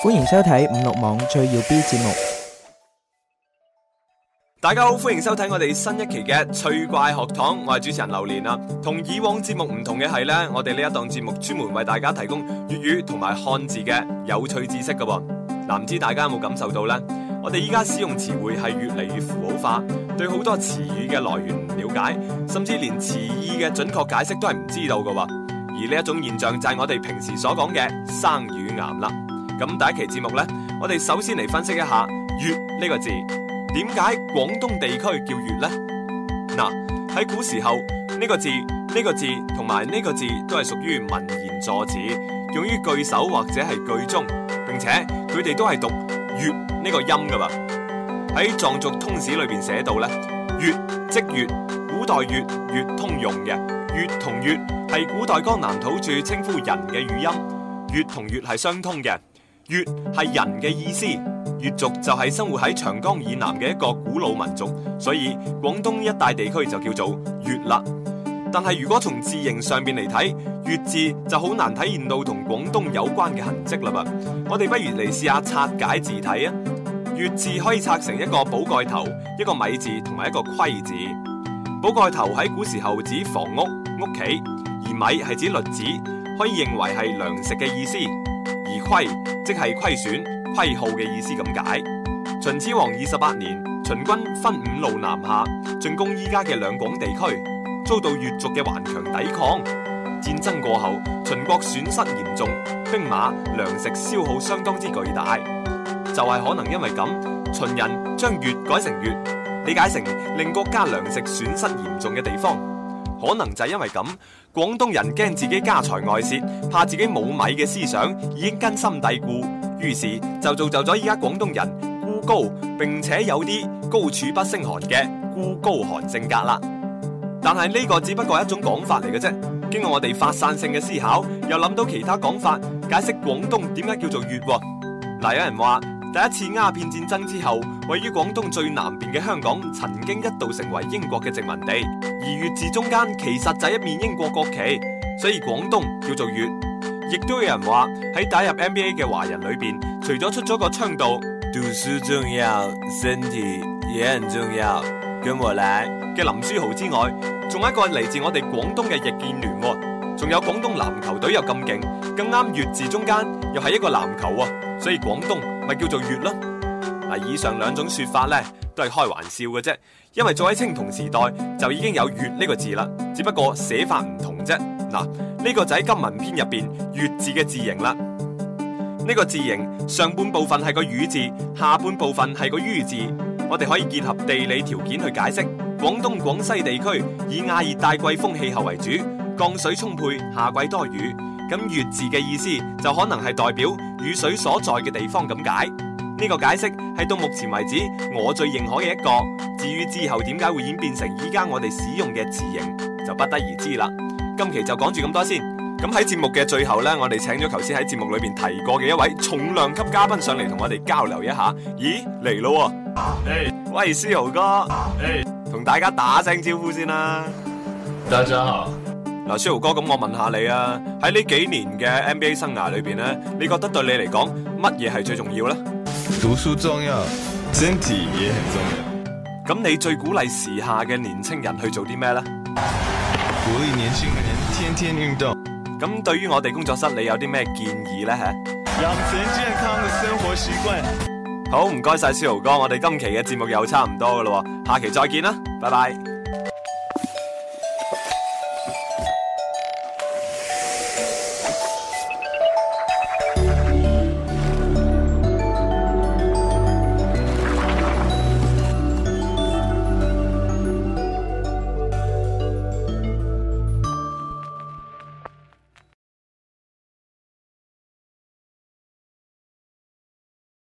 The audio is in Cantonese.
歡迎收睇五六網最要 B 節目。大家好，歡迎收睇我哋新一期嘅趣怪學堂，我係主持人榴年啊。同以往節目唔同嘅係呢，我哋呢一檔節目專門為大家提供粵語同埋漢字嘅有趣知識噶。唔、啊、知大家有冇感受到呢？我哋依家使用詞彙係越嚟越符號化，對好多詞語嘅來源唔了解，甚至連詞義嘅準確解釋都係唔知道噶。而呢一種現象就係我哋平時所講嘅生語癌」啦。咁第一期節目呢，我哋首先嚟分析一下粵呢個字，點解廣東地區叫粵呢？嗱，喺古時候，呢個字、呢個字同埋呢個字都係屬於文言助詞，用於句首或者係句中，並且佢哋都係讀粵呢個音噶嘛。喺《藏族通史》裏邊寫到呢，「粵即粵，古代粵粵通用嘅，粵同粵係古代江南土著稱呼人嘅語音，粵同粵係相通嘅。粵係人嘅意思，粵族就係生活喺長江以南嘅一個古老民族，所以廣東一帶地區就叫做粵啦。但係如果從字形上邊嚟睇，粵字就好難體現到同廣東有關嘅痕跡啦噃。我哋不如嚟試下拆解字體啊！粵字可以拆成一個寶蓋頭、一個米字同埋一個虧字。寶蓋頭喺古時候指房屋屋企，而米係指栗子，可以認為係糧食嘅意思，而虧。即係虧損虧耗嘅意思咁解。秦始皇二十八年，秦軍分五路南下進攻依家嘅兩廣地區，遭到越族嘅頑強抵抗。戰爭過後，秦國損失嚴重，兵馬糧食消耗相當之巨大，就係、是、可能因為咁，秦人將越改成粵，理解成令國家糧食損失嚴重嘅地方。可能就係因為咁，廣東人驚自己家財外泄，怕自己冇米嘅思想已經根深蒂固，於是就造就咗依家廣東人孤高，並且有啲高處不勝寒嘅孤高寒性格啦。但係呢個只不過係一種講法嚟嘅啫，經過我哋發散性嘅思考，又諗到其他講法解釋廣東點解叫做粵。嗱，有人話第一次鴉片戰爭之後，位於廣東最南邊嘅香港，曾經一度成為英國嘅殖民地，而粵字中間其實就一面英國國旗，所以廣東叫做粵。亦都有人話喺打入 NBA 嘅華人裏邊，除咗出咗個通道讀書重要，身體也重要，薑和力嘅林書豪之外，仲有一個嚟自我哋廣東嘅易建聯哦。仲有廣東籃球隊又咁勁，咁啱粵字中間又係一個籃球啊哦，所以廣東咪叫做粵咯。嗱，以上兩種説法咧，都係開玩笑嘅啫。因為早喺青銅時代就已經有月呢個字啦，只不過寫法唔同啫。嗱，呢個就喺金文篇入邊月字嘅字形啦。呢個字形上半部分係個雨字，下半部分係個於字。我哋可以結合地理條件去解釋。廣東廣西地區以亞熱帶季風氣候為主，降水充沛，夏季多雨。咁月字嘅意思就可能係代表雨水所在嘅地方咁解。呢個解釋係到目前為止我最認可嘅一個。至於之後點解會演變成依家我哋使用嘅字形，就不得而知啦。今期就講住咁多先。咁、嗯、喺節目嘅最後呢，我哋請咗頭先喺節目裏邊提過嘅一位重量級嘉賓上嚟同我哋交流一下。咦，嚟咯誒，Hey. 喂，書豪哥，誒，同大家打聲招呼先啦。大家好。嗱，書豪哥，咁我問下你啊，喺呢幾年嘅 NBA 生涯裏邊呢，你覺得對你嚟講乜嘢係最重要呢？讀書重要，身體也很重要。咁你最鼓勵時下嘅年輕人去做啲咩呢？鼓勵年輕人天天運動。咁對於我哋工作室，你有啲咩建議呢？吓？養成健康嘅生活習慣。好，唔該晒豪哥。我哋今期嘅節目又差唔多噶啦，下期再見啦，拜拜。